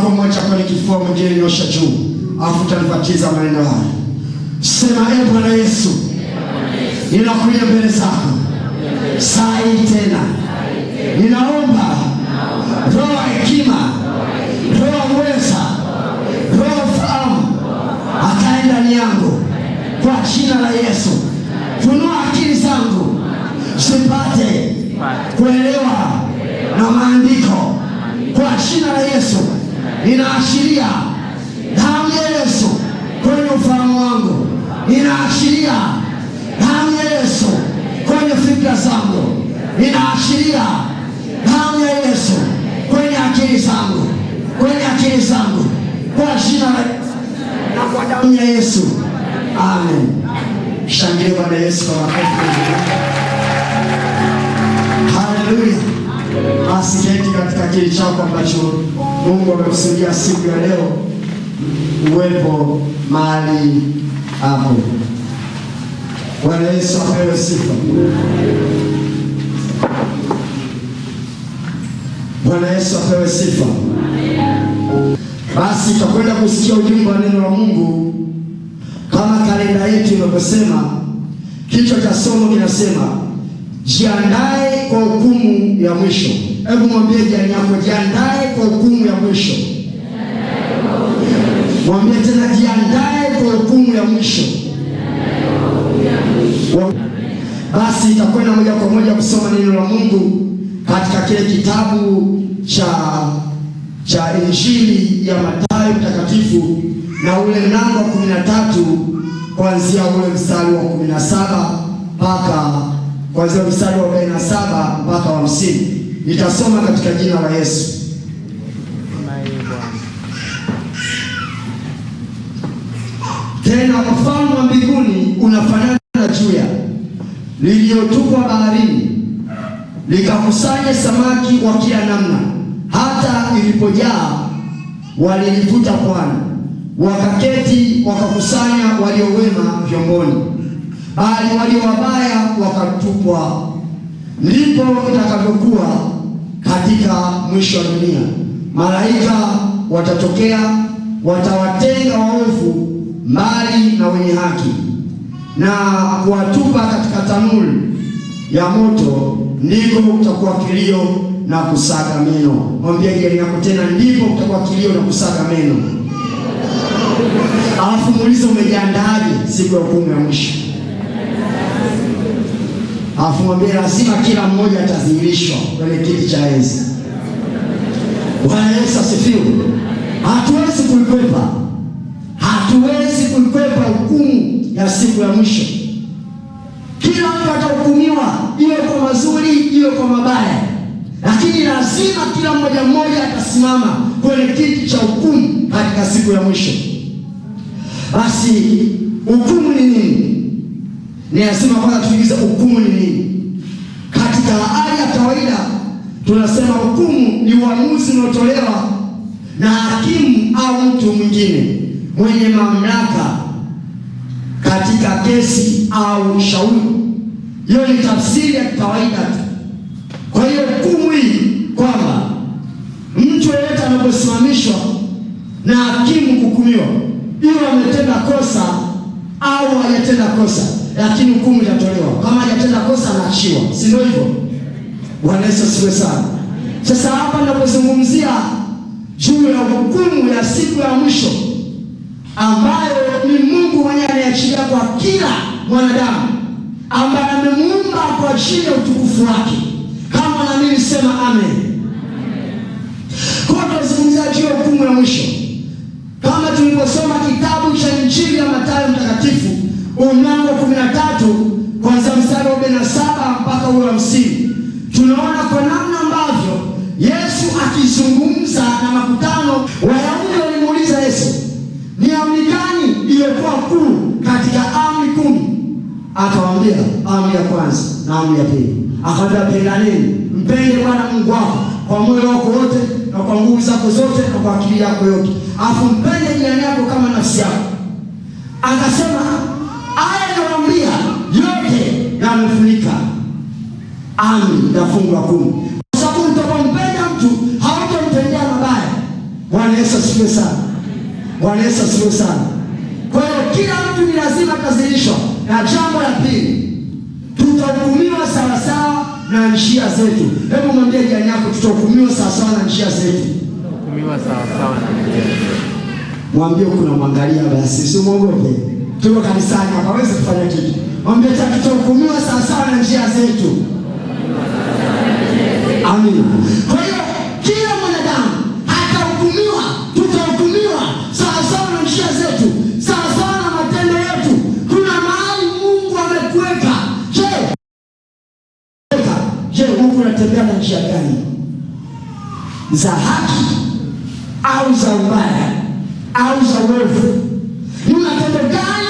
Kumwacha kwenye kifua mwingine, nyosha juu, afu utanibatiza maneno haya. Sema, e Bwana Yesu, ninakuja mbele zako saa hii tena, ninaomba roho ya hekima, roho uweza, roho ufahamu akae ndani yangu kwa jina la Yesu. Funua akili zangu zipate kuelewa na maandiko kwa jina la Yesu ninaashiria damu ya Yesu kwenye ufahamu wangu, ninaashiria damu ya Yesu kwenye fikra zangu, ninaashiria damu ya Yesu kwenye akili zangu, kwenye akili zangu, kwa jina la na kwa damu ya Yesu, amen. Shangilie Bwana Yesu kwa Haleluya. Basi keti katika kiti chako ambacho Mungu amekusudia siku ya leo uwepo mahali hapo. Bwana Yesu apewe sifa. Bwana Yesu apewe sifa. Basi tutakwenda kusikia ujumbe wa neno la Mungu kama kalenda yetu inavyosema. Kichwa cha somo kinasema Jiandae kwa hukumu ya mwisho. Hebu mwambie jirani yako, jiandae kwa hukumu ya mwisho. Mwambie tena, jiandae kwa hukumu ya mwisho. Basi itakwenda moja kwa moja kusoma neno la Mungu katika kile kitabu cha cha Injili ya Mathayo mtakatifu na ule mlango wa kumi na tatu kuanzia ule mstari wa kumi na saba mpaka kuanzia mstari wa 47 mpaka wa 50. Nitasoma katika jina la Yesu. Tena ufalme wa mbinguni unafanana na juya liliyotupwa baharini, likakusanya samaki wa kila namna, hata ilipojaa walilivuta pwani, wakaketi wakakusanya waliowema vyomboni bali walio wabaya wakatupwa. Ndipo itakavyokuwa katika mwisho wa dunia, malaika watatokea, watawatenga waovu mbali na wenye haki na kuwatupa katika tanuru ya moto, ndipo utakuwa kilio na kusaga meno. Mwambie jirani yako tena, ndipo utakuwa kilio na kusaga meno. Alafu muulize umejiandaje siku ya hukumu ya mwisho. Alafu mwambie lazima kila mmoja atadhihirishwa kwenye kiti cha enzi. Bwana Yesu asifiwe. Hatuwezi kuikwepa, hatuwezi kuikwepa hukumu ya siku ya mwisho. Kila mtu atahukumiwa, iwe kwa mazuri, iwe kwa mabaya, lakini lazima kila mmoja mmoja atasimama kwenye kiti cha hukumu katika siku ya mwisho. Basi hukumu ni nini? Ninasema kwanza tuulize hukumu ni nini? Katika hali ya kawaida tunasema hukumu ni uamuzi unaotolewa na hakimu au mtu mwingine mwenye mamlaka katika kesi au shauri. Hiyo ni tafsiri ya kawaida tu. Kwa hiyo hukumu hii kwamba mtu yeyote anaposimamishwa na hakimu kuhukumiwa, hiyo ametenda kosa au hajatenda kosa lakini hukumu itatolewa. Kama hajatenda kosa anaachiwa, si ndio hivyo? Bwana Yesu asifiwe sana. Sasa hapa ninapozungumzia juu ya hukumu ya siku ya mwisho ambayo ni Mungu mwenyewe anayeachilia kwa kila mwanadamu ambaye amemuumba kwa ajili ya utukufu wake. Kama mimi sema amen. Kwa tunazungumzia juu ya hukumu ya mwisho, kama tuliposoma kitabu cha Injili ya Mathayo mtakatifu huu mlango kumi na tatu kwanza mstari wa arobaini na saba mpaka huo hamsini tunaona kwa namna ambavyo Yesu akizungumza na makutano. Wayahudi walimuuliza Yesu, ni amri gani iliyokuwa kuu katika amri kumi? akawambia amri ya kwanza na amri ya pili. Akawaambia pendaneni, mpende Bwana Mungu wako kwa moyo wako wote na kwa nguvu zako zote na kwa akili yako yote, afu mpende jirani yako kama nafsi yako. Akasema amri ya fungu la kumi, kwa sababu mtakapompenda mtu hautamtendea mabaya. Bwana Yesu asifiwe sana. Bwana Yesu asifiwe sana. Kwa hiyo kila mtu ni lazima atazilishwa, na jambo la pili, tutahukumiwa sawasawa na njia zetu. Hebu mwambie jirani yako, tutahukumiwa sawasawa na njia zetu. Tutahukumiwa sawasawa na njia zetu. Mwambie kuna mwangalia basi, si muogope. Tuko kanisani hapawezi kufanya kitu. Mwambie tutahukumiwa sawasawa na njia zetu. Amina. Kwa hiyo kila mwanadamu atahukumiwa, tutahukumiwa sawasawa na njia zetu, sawasawa na matendo yetu. Kuna mahali Mungu amekuweka. Je, je, huku unatembea na njia gani? Za haki au za ubaya au za uovu? Ni matendo gani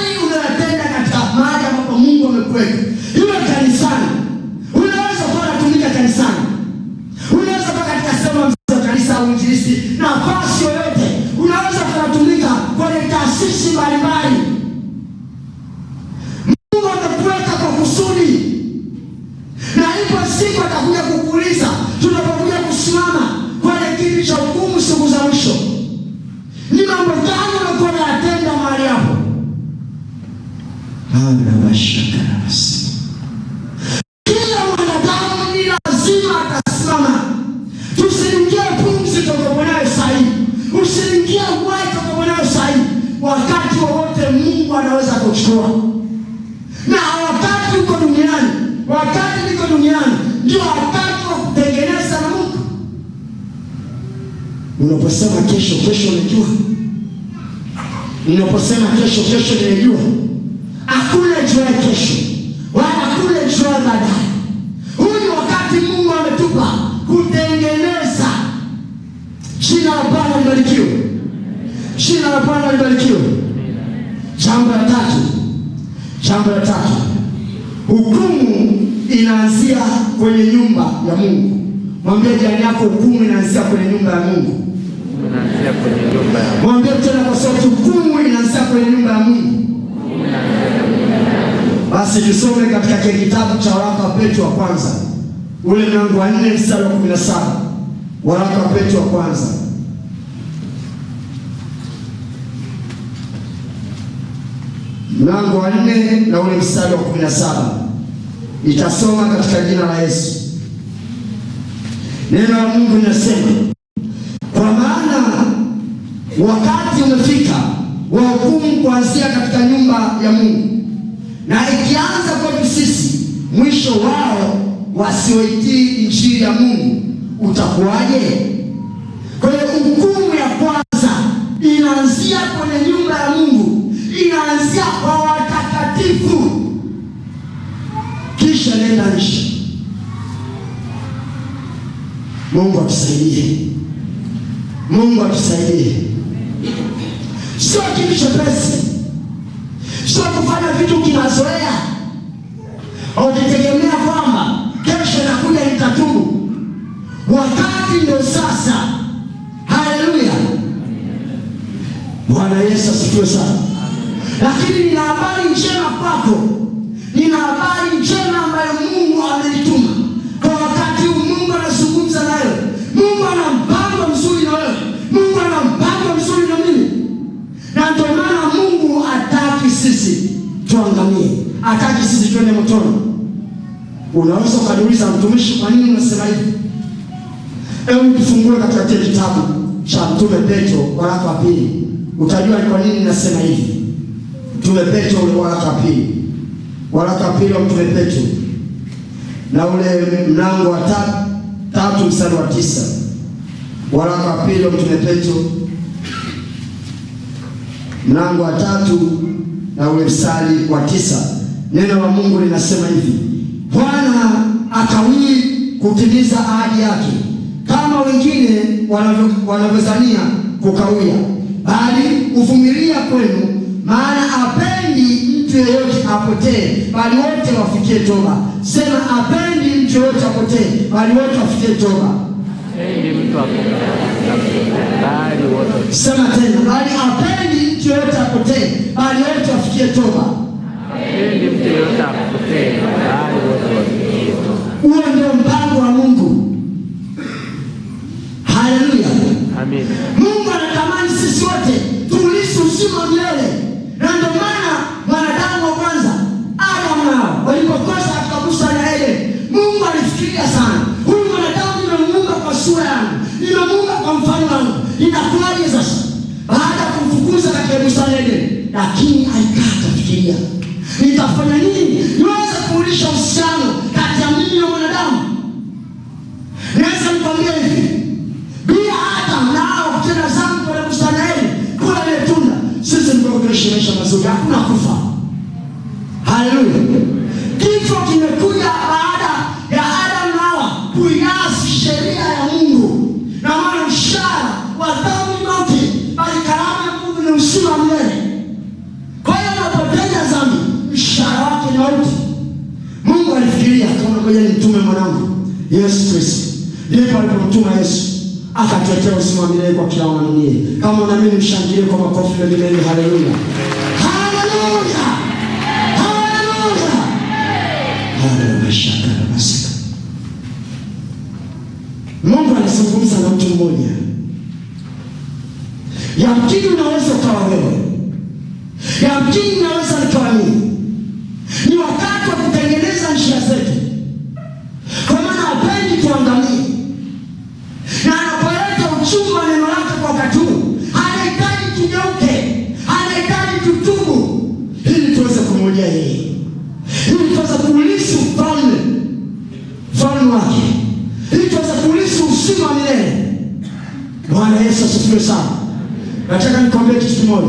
Yoshua, na wakati uko duniani, wakati niko duniani, ndio wakati wa kutengeneza na Mungu. Unaposema kesho, kesho najua. Unaposema kesho, kesho najua ya Mungu. Mwambie jirani yako hukumu inaanzia kwenye nyumba ya Mungu. Mwambie tena kwa sauti, hukumu inaanzia kwenye nyumba ya Mungu. Basi tusome katika kile kitabu cha waraka wa Petro wa kwanza ule mlango wa 4 mstari wa 17. Waraka wa Petro wa kwanza mlango wa 4 na ule mstari wa 17. itasoma katika jina la Yesu. Neno la Mungu linasema kwa maana wakati umefika wa hukumu kuanzia katika nyumba ya Mungu, na ikianza kwetu sisi, mwisho wao wasioitii injili ya Mungu utakuwaje? Kwa hiyo hukumu ya kwanza inaanzia kwenye nyumba ya Mungu, inaanzia kwa watakatifu, kisha nenda nje Mungu atusaidie, Mungu atusaidie. Sio kitu chepesi, sio kufanya vitu kinazoea, ukitegemea kwamba kesho nakuja nitatubu. Wakati ndio sasa. Haleluya, Bwana Yesu asifiwe sana. Lakini nina habari njema kwako, nina habari njema ambayo Mungu amelituma twende motoni. Unaweza ukajiuliza, mtumishi, kwa nini unasema hivi? Hebu tufungue katika kile kitabu cha Mtume Petro waraka wa pili, utajua kwa nini nasema hivi. Mtume Petro ule waraka wa pili, waraka wa pili wa Mtume Petro na ule mlango wa tatu, tatu msari wa tisa. Waraka wa pili wa Mtume Petro mlango wa tatu na ule msari wa tisa. Neno la Mungu linasema hivi, Bwana akawii kutimiza ahadi yake kama wengine wanavyozania kukawia, bali uvumilia kwenu, maana apendi mtu yeyote apotee, bali wote wafikie toba. Sema, apendi mtu yeyote apotee, bali wote wafikie toba. Sema tena, bali apendi mtu yeyote apotee, bali wote wafikie toba. Hapendi mtu yeyote akukosee, bali wote wamsikie. Huo ndio mpango wa Mungu. Haleluya, amen. Mungu anatamani sisi wote tuishi uzima milele, na ndio maana wanadamu wa kwanza Adamu nao walipokosa katika bustani ya Edeni, Mungu alifikiria sana, huyu mwanadamu nimemuumba kwa sura yangu, nimemuumba kwa mfano wangu, inakuwaje sasa? Baada ya kumfukuza katika bustani ya Edeni, lakini alikaa akafikiria nitafanya nini niweze kurudisha uhusiano kati ya mimi na mwanadamu? Niweze nikwambia hivi, bila Adam na kutenda dhambi, wale bustani ile kula ile tunda, sisi ndio kuishi maisha mazuri, hakuna kufa. Haleluya! Yesu Kristo. Ndipo alipomtuma Yesu akatetea uzima milele kwa kila waaminie. Kama mimi mshangilie kwa makofi na milele. Haleluya, haleluya, haleluya, haleluya. Mungu alizungumza na mtu mmoja. Yamkini unaweza ukawa wewe, yamkini naweza nikawa mimi. Ni wakati wa kutengeneza njia zetu kuendelea yeye, ili tuweze kuulisi ufalme ufalme wake, ili tuweze kuulisi usima milele. Bwana Yesu asifiwe sana. Nataka nikwambie kitu kimoja,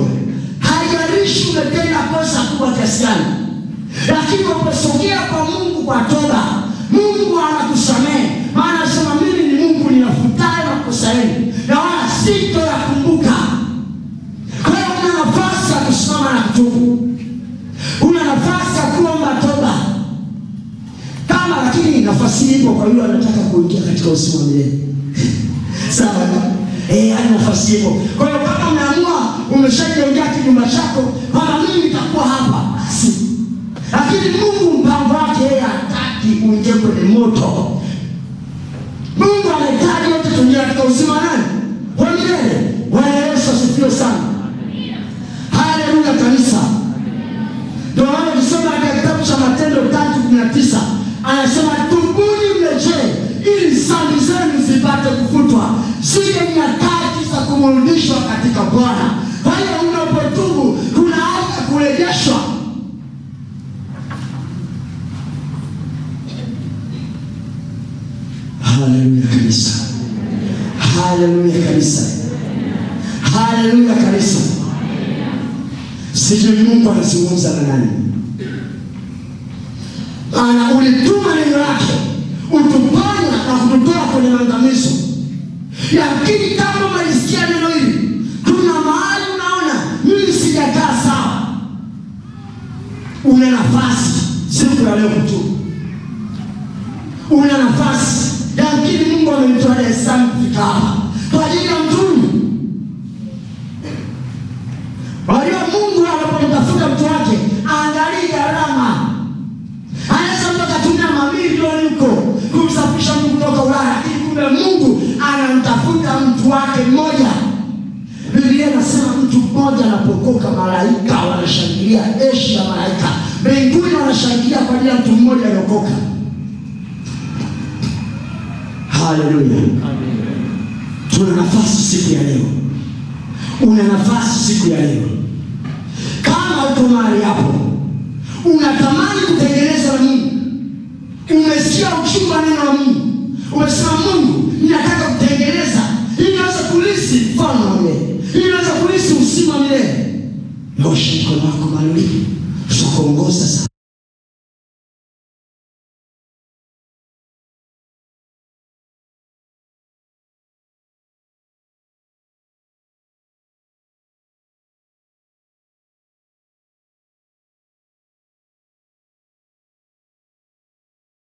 haijalishi umetenda pesa kubwa kiasi gani, lakini unaposogea kwa Mungu kwa toba, Mungu anakusamea katika uzima wa milele. Sawa eh, ana nafasi yako. Kwa hiyo kama umeamua umeshajiongea kinyumba chako, mara mimi nitakuwa hapa Lakini Mungu mpango wake yeye hataki uingie kwenye moto. Mungu anahitaji wote tuingie katika uzima nani kwa milele. Bwana Yesu asifiwe sana. Haleluya kanisa. Ndio wao kusema katika kitabu cha Matendo 3:19 anasema tubuni mrejee ili sali zenu zipate kufutwa, zile nyakati za kumrudishwa katika Bwana. Kwa hiyo unapotubu kunaanza kurejeshwa. Haleluya kanisa, haleluya kanisa, haleluya kanisa. Sijui Mungu anazungumza na nani? una nafasi siku ya leo kutubu, una nafasi lakini Mungu amemtoa Dar es Salaam kufika hapa kwa ajili ya mtume. Kwa Mungu anapomtafuta mtu wake aangalii gharama. Anaweza mtu akatumia mamilioni huko kumsafirisha mtu kutoka Ulaya, lakini kumbe Mungu anamtafuta mtu wake mmoja anapokoka, malaika wanashangilia eshi ya malaika mbinguni, wanashangilia kwa ajili ya mtu mmoja aliokoka. Haleluya, tuna nafasi siku ya leo, una nafasi siku ya leo. Kama uko mahali hapo unatamani kutengeneza Mungu, umesikia uchumba neno wa Mungu, umesema Moshi mkono wako maluli tunakuongoza